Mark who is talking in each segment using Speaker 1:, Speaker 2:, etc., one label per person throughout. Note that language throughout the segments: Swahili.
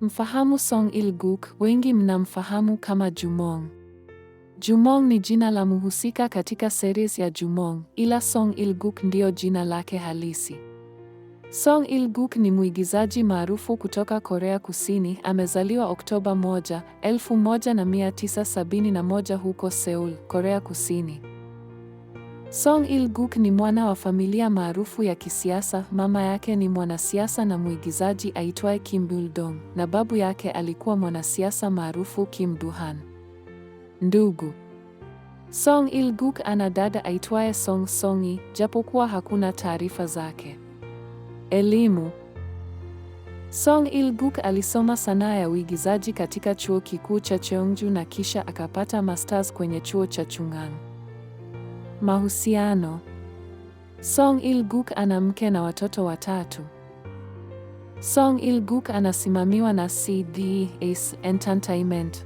Speaker 1: Mfahamu Song Il-guk, wengi mnamfahamu kama Jumong. Jumong ni jina la mhusika katika series ya Jumong, ila Song Il-guk ndiyo jina lake halisi. Song Il-guk ni mwigizaji maarufu kutoka Korea Kusini, amezaliwa Oktoba 1, 1971 huko Seoul, Korea Kusini. Song Il-guk ni mwana wa familia maarufu ya kisiasa. Mama yake ni mwanasiasa na mwigizaji aitwaye Kim Buldong, na babu yake alikuwa mwanasiasa maarufu Kim duhan Ndugu Song Il-guk ana dada aitwaye Song Songi, japokuwa hakuna taarifa zake. Elimu Song Il-guk alisoma sanaa ya uigizaji katika chuo kikuu cha Cheongju na kisha akapata masters kwenye chuo cha Chungang. Mahusiano. Song Il-guk ana mke na watoto watatu. Song Il-guk anasimamiwa na cds Entertainment.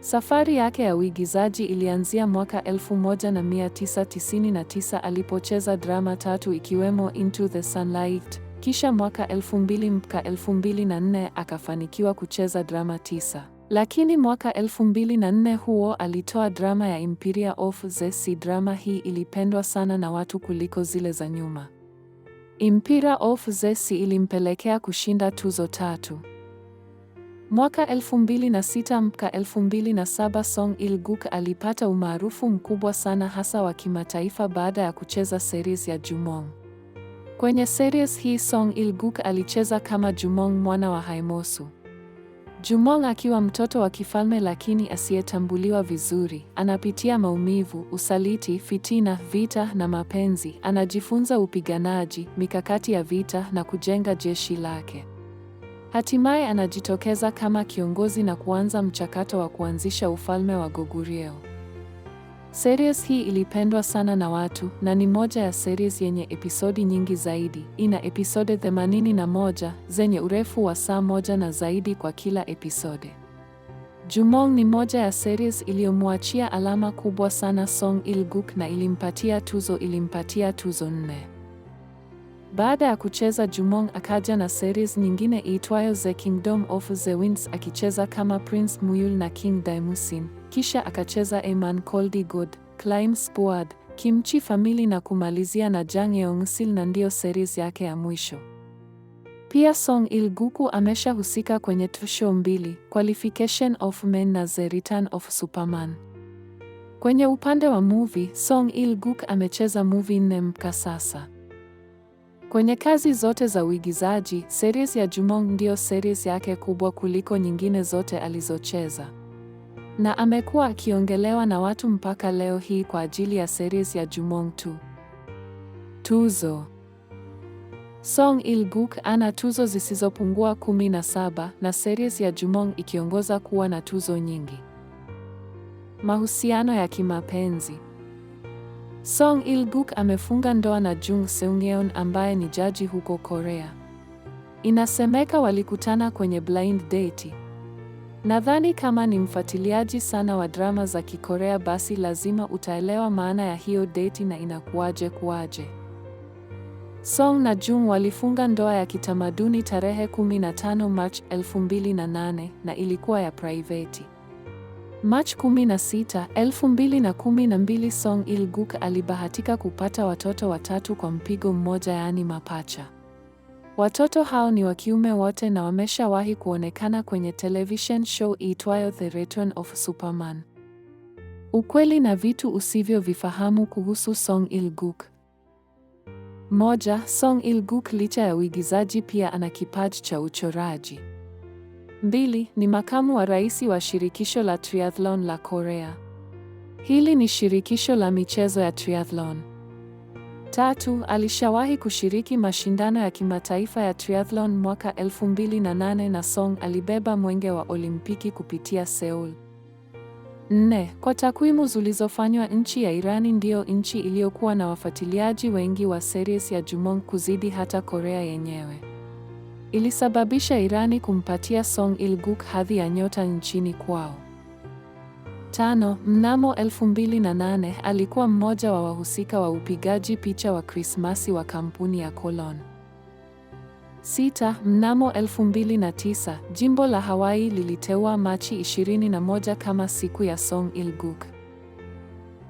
Speaker 1: Safari yake ya uigizaji ilianzia mwaka 1999 alipocheza drama tatu ikiwemo Into the Sunlight, kisha mwaka 2000 mpaka 2004 akafanikiwa kucheza drama tisa. Lakini mwaka 2004 huo alitoa drama ya Imperia of the Sea. Drama hii ilipendwa sana na watu kuliko zile za nyuma. Imperia of the Sea ilimpelekea kushinda tuzo tatu. Mwaka 2006 mpaka 2007 Song Il-guk alipata umaarufu mkubwa sana hasa wa kimataifa baada ya kucheza series ya Jumong. Kwenye series hii Song Il-guk alicheza kama Jumong mwana wa Haimosu. Jumong akiwa mtoto wa kifalme lakini asiyetambuliwa vizuri, anapitia maumivu, usaliti, fitina, vita na mapenzi. Anajifunza upiganaji, mikakati ya vita na kujenga jeshi lake. Hatimaye anajitokeza kama kiongozi na kuanza mchakato wa kuanzisha ufalme wa Goguryeo. Series hii ilipendwa sana na watu na ni moja ya series yenye episodi nyingi zaidi. Ina episode 81 zenye urefu wa saa moja na zaidi kwa kila episode. Jumong ni moja ya series iliyomwachia alama kubwa sana Song Il-guk na ilimpatia tuzo ilimpatia tuzo nne. Baada ya kucheza Jumong akaja na series nyingine iitwayo The Kingdom of the Winds akicheza kama Prince Muyul na King Daimusin kisha akacheza A Man Called Good, Climb Squad, Kimchi Family na kumalizia na Jang Yeong Sil na ndiyo series yake ya mwisho. Pia Song il guku ameshahusika kwenye show mbili, Qualification of Men na The Return of Superman. Kwenye upande wa movie, Song il guk amecheza movie nne mpaka sasa. Kwenye kazi zote za uigizaji, series ya Jumong ndiyo series yake kubwa kuliko nyingine zote alizocheza na amekuwa akiongelewa na watu mpaka leo hii kwa ajili ya series ya Jumong tu. Tuzo. Song Il-guk ana tuzo zisizopungua 17 na series ya Jumong ikiongoza kuwa na tuzo nyingi. Mahusiano ya kimapenzi. Song Il-guk amefunga ndoa na Jung Seung-yeon ambaye ni jaji huko Korea. Inasemeka walikutana kwenye blind date. Nadhani kama ni mfuatiliaji sana wa drama za Kikorea basi lazima utaelewa maana ya hiyo deti na inakuwaje kuwaje. Song na Jung walifunga ndoa ya kitamaduni tarehe 15 March 2008 na ilikuwa ya private. March 16, 2012 Song Il-guk alibahatika kupata watoto watatu kwa mpigo mmoja yaani mapacha. Watoto hao ni wa kiume wote na wameshawahi kuonekana kwenye television show iitwayo The Return of Superman. Ukweli na vitu usivyovifahamu kuhusu Song il guk Moja, Song il guk licha ya uigizaji pia ana kipaji cha uchoraji. Mbili, ni makamu wa rais wa shirikisho la triathlon la Korea. Hili ni shirikisho la michezo ya triathlon. Tatu, alishawahi kushiriki mashindano ya kimataifa ya triathlon mwaka 2008 na Song alibeba mwenge wa Olimpiki kupitia Seoul. Nne, kwa takwimu zilizofanywa nchi ya Irani ndiyo nchi iliyokuwa na wafuatiliaji wengi wa series ya Jumong kuzidi hata Korea yenyewe. Ilisababisha Irani kumpatia Song ilguk hadhi ya nyota nchini kwao. Tano, mnamo 2008 alikuwa mmoja wa wahusika wa upigaji picha wa Krismasi wa kampuni ya Colon. Sita, mnamo 2009 jimbo la Hawaii liliteua Machi 21 kama siku ya Song-il-guk.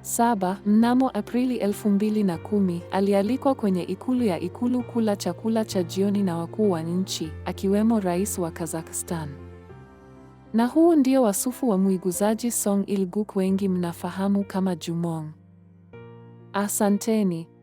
Speaker 1: Saba, mnamo Aprili 2010 alialikwa kwenye ikulu ya ikulu kula chakula cha jioni na wakuu wa nchi, akiwemo rais wa Kazakhstan. Na huu ndio wasifu wa mwiguzaji Song Il-guk wengi mnafahamu kama Jumong. Asanteni.